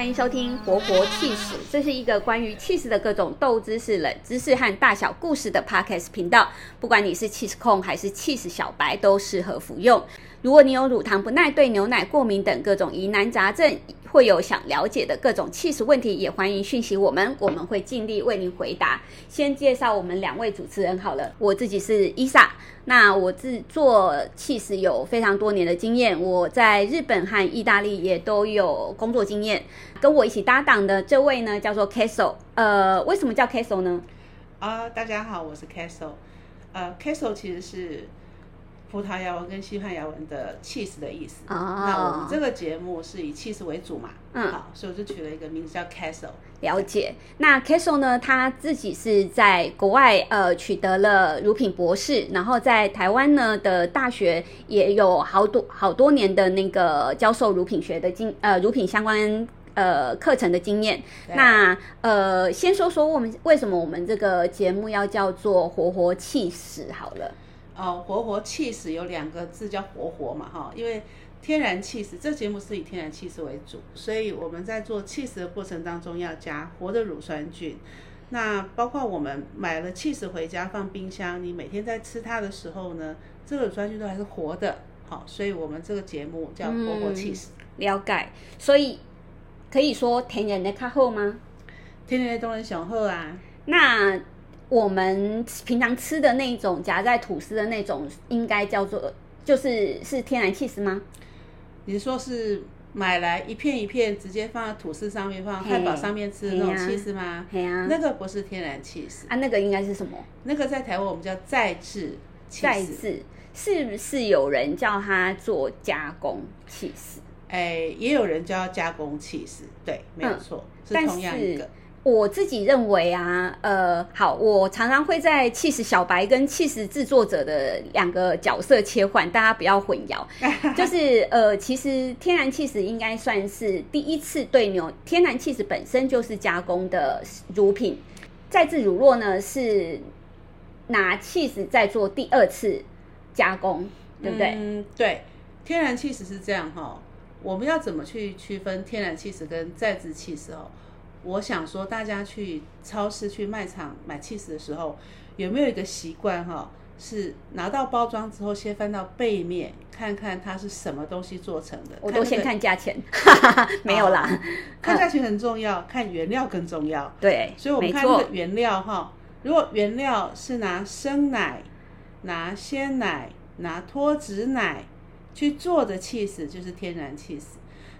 歡迎收聽《活活 Cheese 史，這是一個關於起司的各種豆知識、冷知識和大小故事的 podcast 頻道。不管你是起司控還是起司小白，都適合服用。如果你有乳糖不耐、對牛奶過敏等各種疑難雜症，或有想了解的各種起司問題，也歡迎訊息我們，我們會盡力為您回答。先介紹我們兩位主持人好了，我自己是伊莎，那我製作起司有非常多年的經驗，我在日本和意大利也都有工作經驗。跟我一起搭檔的這位呢，叫做 Castle 呃，為什麼叫 Castle 呢？啊、呃，大家好，我是 Castle 呃 Castle 其實是。葡萄牙文跟西班牙文的起司的意思。啊、哦、那我們這個節目是以起司為主嘛。嗯，好，所以我就取了一個名字叫 “Castle”。了解。那 Castle 呢，他自己是在國外呃取得了乳品博士，然後在台灣呢的大學也有好多好多年的那個教授乳品學的經呃乳品相關呃課程的經驗。啊、那呃，先說說我們為什麼我們這個節目要叫做“活活起司”好了。哦，活活起司有兩個字叫活活嘛，哈、哦，因為天然起司這節目是以天然起司為主，所以我們在做起司的過程當中要加活的乳酸菌。那包括我們買了起司回家放冰箱，你每天在吃它的時候呢，這個乳酸菌都還是活的，好、哦，所以我們這個節目叫活活起司、嗯。了解，所以可以說天然的較好嗎？天然的當然上好啊。那。我們平常吃的那種夾在吐司的那種，應該叫做就是是天然起司嗎？你說是買來一片一片直接放在吐司上面放、放漢堡上面吃的那種起司嗎、啊？那個不是天然起司啊，那個應該是什麼？那個在台灣我們叫再製起司，再製是不是有人叫它做加工起司？哎，也有人叫加工起司，對，沒有錯、嗯，是同樣一個。我自己認為啊，呃，好，我常常會在起司小白跟起司製作者的兩個角色切換，大家不要混淆。 就是呃，其實天然起司應該算是第一次對牛，天然起司本身就是加工的乳品，再製乳酪呢是拿起司再做第二次加工，對不對？嗯，對。天然起司是這樣哈、哦，我們要怎麼去區分天然起司跟再製起司哦？我想說，大家去超市去賣場買 cheese 的時候，有沒有一個習慣哈、哦？是拿到包裝之後，先翻到背面，看看它是什麼東西做成的。那個、我都先看價錢哈哈哈哈、哦，沒有啦。看價錢很重要，啊，看原料更重要。對，所以，我們看這、那個原料哈、哦。如果原料是拿生奶、拿鮮奶、拿脫脂奶去做的 cheese，就是天然 cheese。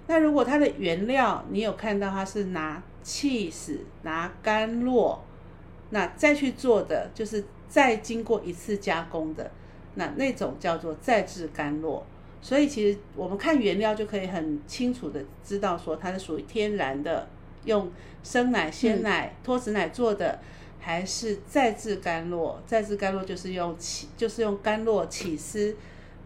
那如果它的原料，你有看到它是拿起司拿乾酪，那再去做的就是再經過一次加工的，那那種叫做再製乾酪。所以其實我們看原料就可以很清楚的知道，說它是屬於天然的，用生奶、鮮奶、脫脂奶做的，嗯，還是再製乾酪。再製乾酪就是用起，就是用乾酪起司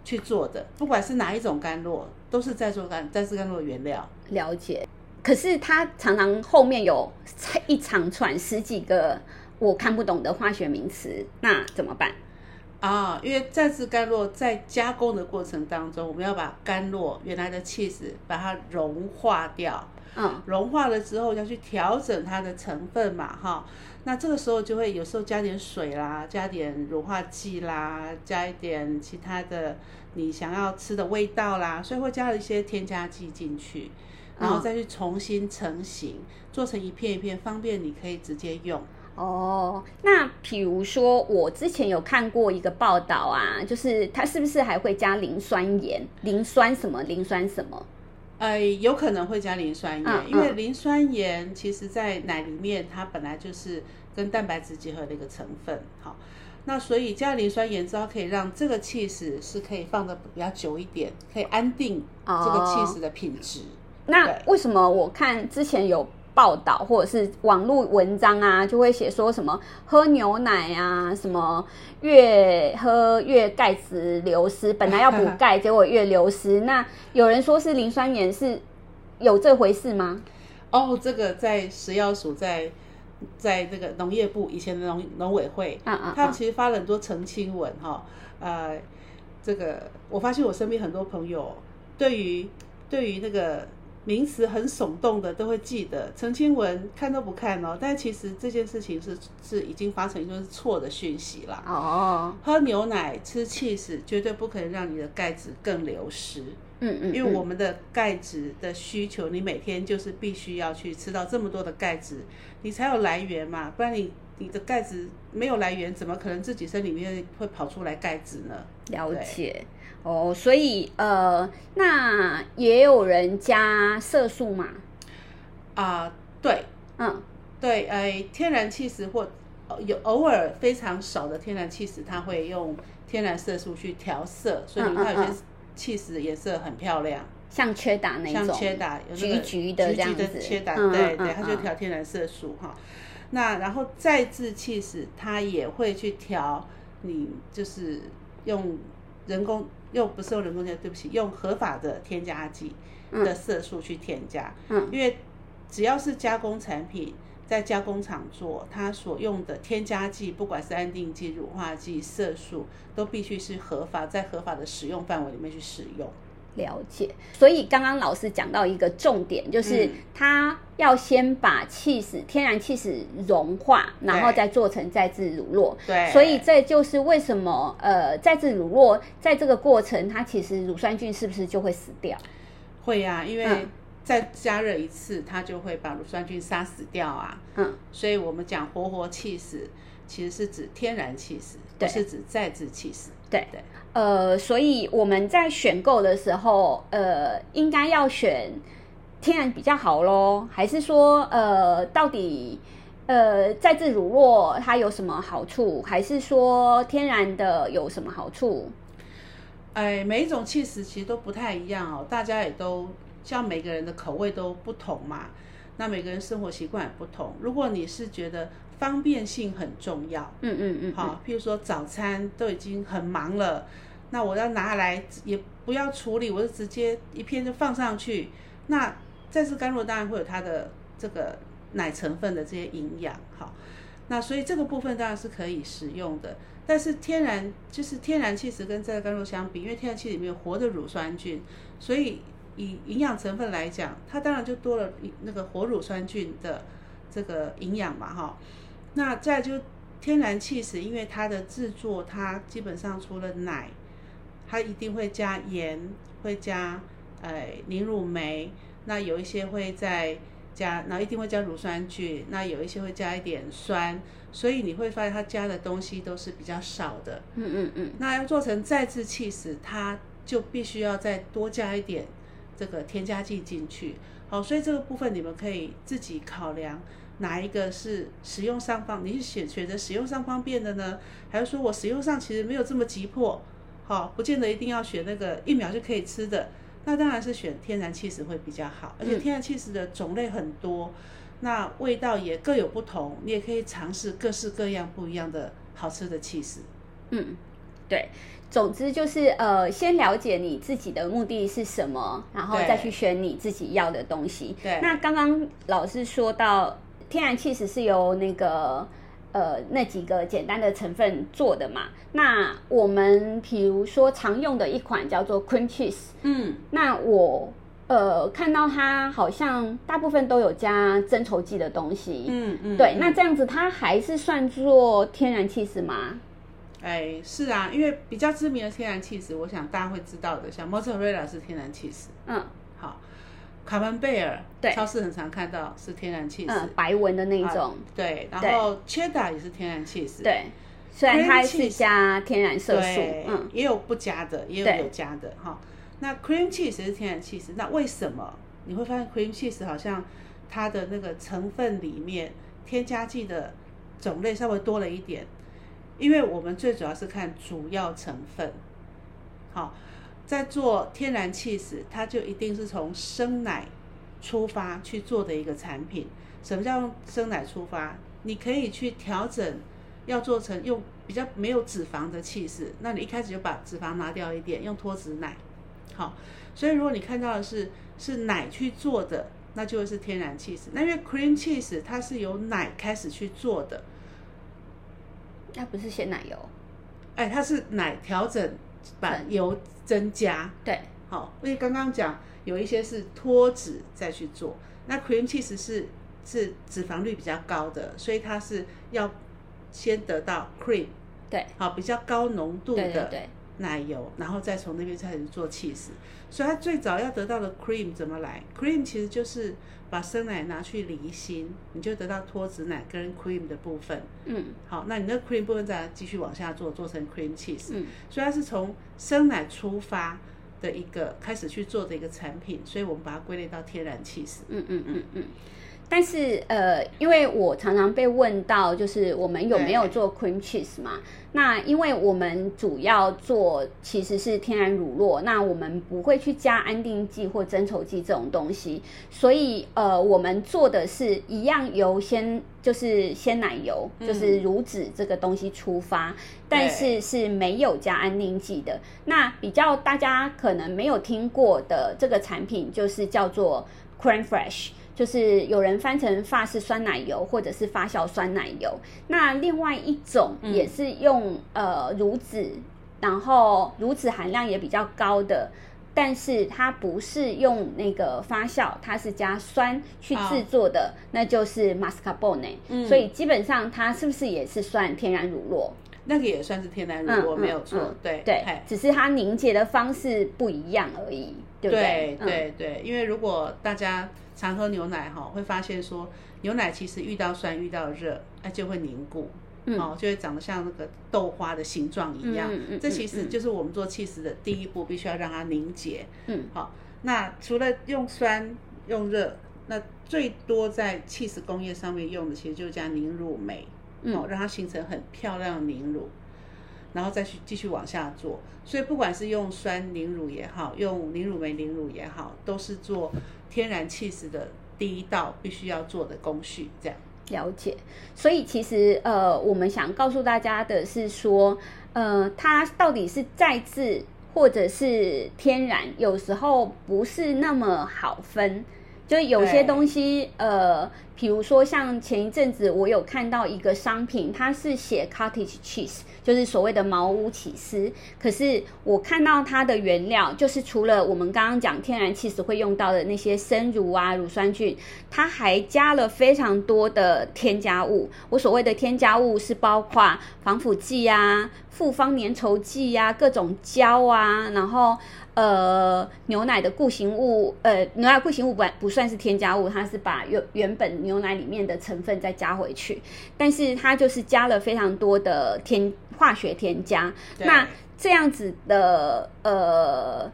去做的。不管是哪一種乾酪，都是再做甘、再製乾酪的原料。了解。可是它常常後面有一長串十幾個我看不懂的化學名詞，那怎麼辦？啊、哦，因為再製乾酪，在加工的過程當中，我們要把乾酪原來的氣質把它融化掉。嗯，融化了之後要去調整它的成分嘛，哈。那這個時候就會有時候加點水啦，加點乳化劑啦，加一點其他的你想要吃的味道啦，所以會加了一些添加劑進去。然後再去重新成型、嗯，做成一片一片，方便你可以直接用。哦，那比如說我之前有看過一個報道啊，就是它是不是還會加磷酸鹽？磷酸什麼？磷酸什麼？呃，有可能會加磷酸鹽，嗯、因為磷酸鹽其實在奶裡面它本來就是跟蛋白質結合的一個成分。好，那所以加磷酸鹽之後，可以讓這個 cheese 是可以放得比較久一點，可以安定這個 cheese 的品質。哦那為什麼我看之前有報道或者是網絡文章啊，就會寫說什麼喝牛奶啊，什麼越喝越鈣質流失，本來要補鈣，結果越流失。 那有人說是磷酸鹽，是有這回事嗎？哦，這個在食藥署在，在在那個農業部以前的農農委會，啊啊，啊，他們其實發了很多澄清文，哈、哦，呃，這個我發現我身邊很多朋友對於對於那個。名詞很聳動的都會記得，澄清文看都不看哦。但其實這件事情是是已經發成就是錯的訊息了。哦哦。喝牛奶、吃 cheese 絕對不可能讓你的鈣質更流失。嗯，嗯嗯。因為我們的鈣質的需求，你每天就是必須要去吃到這麼多的鈣質，你才有來源嘛。不然你你的鈣質沒有來源，怎麼可能自己身裡面會跑出來鈣質呢？了解。哦、oh，所以呃，那也有人加色素嘛？啊、呃，對，嗯，對，呃，天然起司或，呃、有偶爾非常少的天然起司，它會用天然色素去調色，所以你看有些起司顏色很漂亮，像切達那種，像切達那個，橘橘的這樣子，橘橘切達，嗯，對對，嗯，它就調天然色素哈。那，嗯嗯嗯，然後再製起司，它也會去調，你就是用人工。又不是用人工添加，對不起，用合法的添加劑的色素去添加，嗯嗯，因為只要是加工產品，在加工廠做，它所用的添加劑，不管是安定劑、乳化劑、色素，都必須是合法，在合法的使用範圍裡面去使用。了解，所以剛剛老師講到一個重點，就是他要先把起司，天然起司融化，然後再做成再製乳酪。對，所以這就是為什麼呃，再製乳酪在這個過程，它其實乳酸菌是不是就會死掉？會呀、啊，因為再加熱一次，它、嗯、就會把乳酸菌殺死掉啊。嗯，所以我們講活活起司。其實是指天然起司，不是指再制起司。對對，呃，所以我們在選購的時候，呃，應該要選天然比較好嘍？還是說，呃，到底呃再制乳酪它有什麼好處？還是說天然的有什麼好處？哎，每一種起司其實都不太一樣哦。大家也都像每個人的口味都不同嘛，那每個人生活習慣也不同。如果你是覺得。方便性很重要，嗯嗯嗯，嗯，好，譬如說早餐都已經很忙了，那我要拿來也不要處理，我就直接一片就放上去。那再製乾酪當然會有它的這個奶成分的這些營養，好，那所以這個部分當然是可以使用的。但是天然就是天然起司跟這個乾酪相比，因為天然起司裡面有活的乳酸菌，所以以營養成分來講，它當然就多了那個活乳酸菌的這個營養嘛，哈。那再就天然起司，因為它的製作，它基本上除了奶，它一定會加鹽，會加呃凝乳酶，那有一些會再加，然後一定會加乳酸菌，那有一些會加一點酸，所以你會發現它加的東西都是比較少的。嗯嗯嗯。那要做成再製起司，它就必須要再多加一點這個添加劑進去。好，所以這個部分你們可以自己考量。哪一個是使用上方？你是選選擇使用上方便的呢，還是說我使用上其實沒有這麼急迫？好、哦，不見得一定要選那個一秒就可以吃的。那當然是選天然起司會比較好，而且天然起司的種類很多、嗯，那味道也各有不同。你也可以嘗試各式各樣不一樣的好吃的起司。嗯，對。總之就是呃，先了解你自己的目的是什麼，然後再去選你自己要的東西。對。那剛剛老師說到。天然起司是由那個，呃，那幾個簡單的成分做的嘛？那我們比如說常用的一款叫做 cream cheese 嗯，那我呃看到它好像大部分都有加增稠劑的東西，嗯嗯，對嗯，那這樣子它還是算做天然起司嗎？哎，是啊，因為比較知名的天然起司，我想大家會知道的，像 Mozzarella 是天然起司，嗯。卡門貝爾超市很常看到是天然起司，嗯，白紋的那一種啊。對，然後切達也是天然起司對，雖然它是加天然色素，嗯，也有不加的，也有有加的哈，哦。那 cream cheese 是天然起司，那為什麼你會發現 cream cheese 好像它的那個成分裡面添加劑的種類稍微多了一點？因為我們最主要是看主要成分，好，哦。在做天然起司，它就一定是從生奶出發去做的一個產品。什麼叫用生奶出發？你可以去調整，要做成用比較沒有脂肪的起司，那你一開始就把脂肪拿掉一點，用脫脂奶。好，所以如果你看到的是是奶去做的，那就會是天然起司。那因為 cream cheese 它是由奶開始去做的，那不是鮮奶油？哎、欸，它是奶調整版，油。增加對好、哦，因為剛剛講有一些是脫脂再去做，那 cream 其實是是脂肪率比較高的，所以它是要先得到 cream 對好、哦、比較高濃度的。對對對奶油，然後再從那邊開始做 cheese，所以它最早要得到的 cream 怎麼來？cream 其實就是把生奶拿去離心，你就得到脫脂奶跟 cream 的部分。嗯，好，那你那 cream 部分再繼續往下做，做成 cream cheese。嗯、所以它是從生奶出發的一個開始去做的一個產品，所以我們把它歸類到天然氣 h 嗯嗯嗯嗯。嗯嗯嗯但是，呃，因為我常常被問到，就是我們有沒有做 cream cheese 嘛、嗯？那因為我們主要做其實是天然乳酪，那我們不會去加安定劑或增稠劑這種東西，所以，呃，我們做的是一樣由鮮就是鮮奶油，嗯、就是乳脂這個東西出發、嗯，但是是沒有加安定劑的。那比較大家可能沒有聽過的這個產品，就是叫做 crème fraîche。就是有人翻成法式酸奶油，或者是發酵酸奶油。那另外一種也是用、嗯、呃乳脂，然後乳脂含量也比較高的，但是它不是用那個發酵，它是加酸去制作的，哦、那就是 mascarpone，所以基本上它是不是也是算天然乳酪？那個也算是天然乳酪，嗯、沒有錯。嗯、對、嗯、對，只是它凝結的方式不一樣而已。對對對，對、嗯、對，因為如果大家，常喝牛奶哈、哦，會發現說牛奶其實遇到酸、遇到熱，它、啊、就會凝固、嗯，哦，就會長得像那個豆花的形狀一樣。嗯嗯嗯、這其實就是我們做氣 h 的第一步、嗯，必須要讓它凝結。嗯，好、哦。那除了用酸、用熱，那最多在氣 h 工業上面用的，其實就是叫凝乳酶，哦，讓它形成很漂亮的凝乳。然後再去繼續往下做，所以不管是用酸凝乳也好，用凝乳酶凝乳也好，都是做天然起司的第一道必須要做的工序。這樣。了解。所以其實呃，我們想告訴大家的是說，呃，它到底是再製或者是天然，有時候不是那麼好分。就有些東西，呃，比如說像前一陣子我有看到一個商品，它是寫 cottage cheese，就是所謂的茅屋起司。可是我看到它的原料，就是除了我們剛剛講天然起司會用到的那些生乳啊、乳酸菌，它還加了非常多的添加物。我所謂的添加物是包括防腐劑呀、啊、複方粘稠劑呀、啊、各種膠啊，然後。呃，牛奶的固形物，呃，牛奶固形物不不算是添加物，它是把原原本牛奶裡面的成分再加回去，但是它就是加了非常多的添化學添加。那這樣子的呃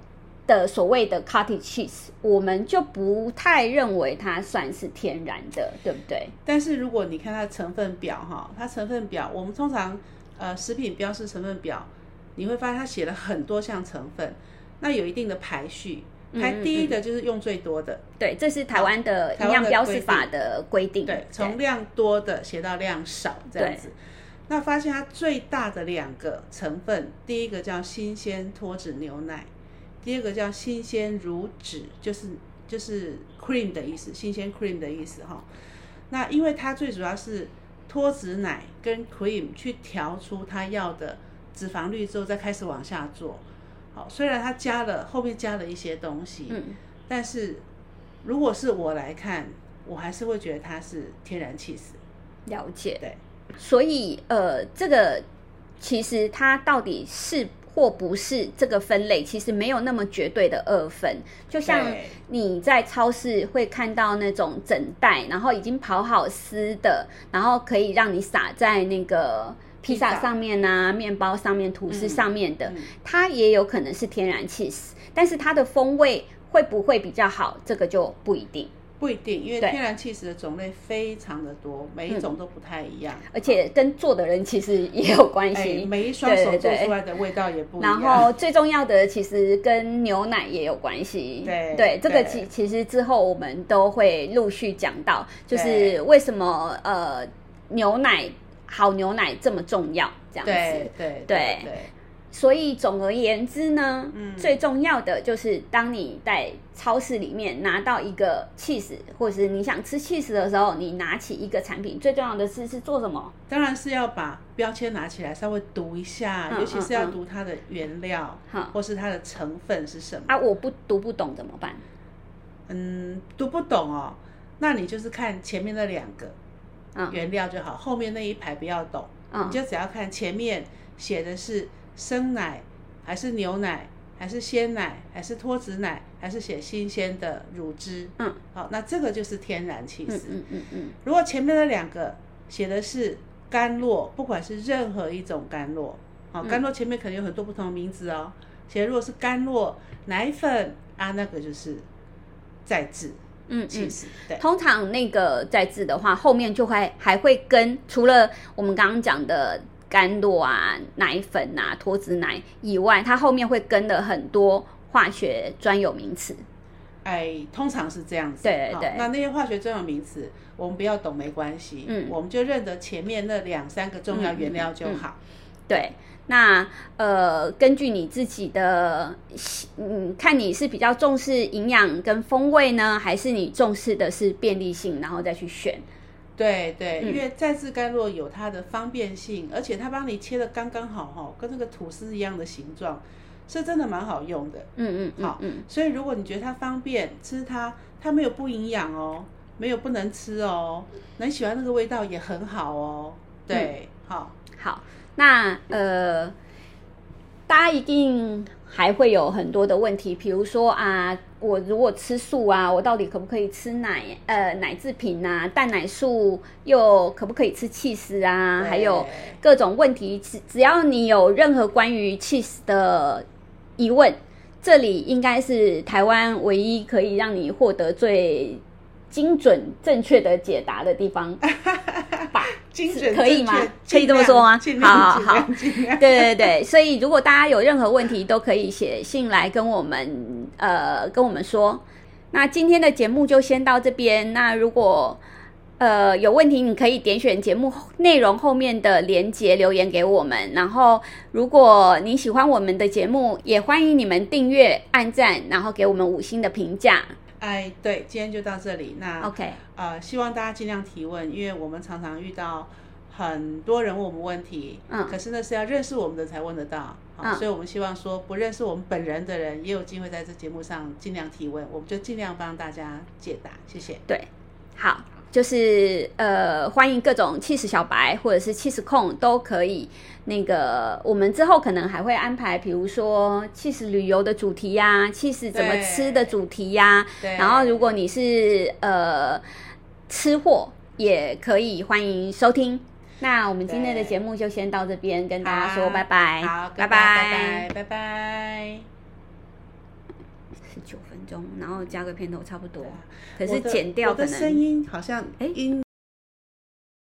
的所謂的 cottage cheese，我們就不太認為它算是天然的，對不對？但是如果你看它成分表哈，它成分表，我們通常呃食品標示成分表，你會發現它寫了很多項成分。那有一定的排序，排第一個就是用最多的嗯嗯、嗯。對，這是台灣的營養標示法的規，的規定。對，從量多的寫到量少，對這樣子。那發現它最大的兩個成分，第一個叫新鮮脫脂牛奶，第二個叫新鮮乳脂，就是就是 cream 的意思，新鮮 cream 的意思哈。那因為它最主要是脫脂奶跟 cream 去調出它要的脂肪率之後，再開始往下做。好，雖然它加了後面加了一些東西，嗯，但是如果是我來看，我還是會覺得它是天然起司。了解，對，所以呃，這個其實它到底是或不是這個分類，其實沒有那麼絕對的二分。就像你在超市會看到那種整袋，然後已經刨好絲的，然後可以讓你撒在那個。披薩上面啊，麵包上面、吐司上面的，嗯嗯、它也有可能是天然起司，但是它的風味會不會比較好，這個就不一定。不一定，因為天然起司的種類非常的多，每一種都不太一樣，而且跟做的人其實也有關係、哎，每一雙手做出來的味道也不一樣對對對。然後最重要的其實跟牛奶也有關係，對對,對，這個其其實之後我們都會陸續講到，就是為什麼呃牛奶。好牛奶這麼重要，這樣子對對，對對對，所以總而言之呢，嗯，最重要的就是當你在超市裡面拿到一個 cheese，或者是你想吃 cheese 的時候，你拿起一個產品，最重要的是是，是做什麼？當然是要把標籤拿起來，稍微讀一下，嗯嗯，尤其是要讀它的原料，嗯，或是它的成分是什麼。啊，我不讀不懂怎麼辦？嗯，讀不懂哦，那你就是看前面那兩個。原料就好，後面那一排不要懂，你就只要看前面寫的是生奶、還是牛奶、還是鮮奶、還是脫脂奶、還是寫新鮮的乳汁，嗯，好，那這個就是天然起司。嗯嗯嗯、嗯如果前面的兩個寫的是乾酪，不管是任何一種乾酪，好，乾酪前面可能有很多不同的名字哦，寫的如果是乾酪奶粉啊，那個就是再製。其實嗯嗯，對，通常那個再製的話，後面就會還會跟除了我們剛剛講的甘露啊、奶粉啊、脫脂奶以外，它後面會跟了很多化學專有名詞。哎，通常是這樣子，對對對。那、哦、那些化學專有名詞，我們不要懂沒關係，嗯，我們就認得前面那兩三個重要原料就好。嗯嗯嗯對，那呃，根據你自己的，嗯，看你是比較重視營養跟風味呢，還是你重視的是便利性，然後再去選。對對，嗯、因為再制乾酪有它的方便性，而且它幫你切的剛剛好哈、哦，跟那個吐司一樣的形狀，是真的蠻好用的。嗯嗯，嗯，嗯，好，嗯。所以如果你覺得它方便吃它，它沒有不營養哦，沒有不能吃哦，能喜歡那個味道也很好哦。對，好、嗯，好。那呃，大家一定還會有很多的問題，比如說啊，我如果吃素啊，我到底可不可以吃奶？呃，奶製品啊，蛋奶素又可不可以吃 cheese 啊？還有各種問題，只只要你有任何關於 cheese 的疑問，這裡應該是台灣唯一可以讓你獲得最精準、正確的解答的地方吧。 精可以嗎？可以這麼說嗎？好好好，對對對。所以如果大家有任何問題，都可以寫信來跟我們，呃，跟我們說。那今天的節目就先到這邊。那如果呃有問題，你可以點選節目內容後面的連結留言給我們。然後如果你喜歡我們的節目，也歡迎你們訂閱、按讚，然後給我們五星的評價。哎，對，今天就到這裡。那，okay，呃，希望大家盡量提問，因為我們常常遇到很多人問我們問題，嗯，可是那是要認識我們的才問得到，哦嗯，所以我們希望說不認識我們本人的人也有機會在這節目上盡量提問，我們就盡量幫大家解答，謝謝。對，好。就是呃，歡迎各種 cheese 小白或者是 cheese 控，都可以。那個，我們之後可能還會安排，比如說 cheese 旅遊的主題呀、cheese 怎麼吃的主題呀，對。然後，如果你是呃吃貨，也可以歡迎收聽。那我們今天的節目就先到這邊，跟大家說拜拜。好，拜拜拜拜。拜拜拜拜。中，然後加個片頭差不多，可是剪掉可能。我的聲音好像音、欸，哎，音。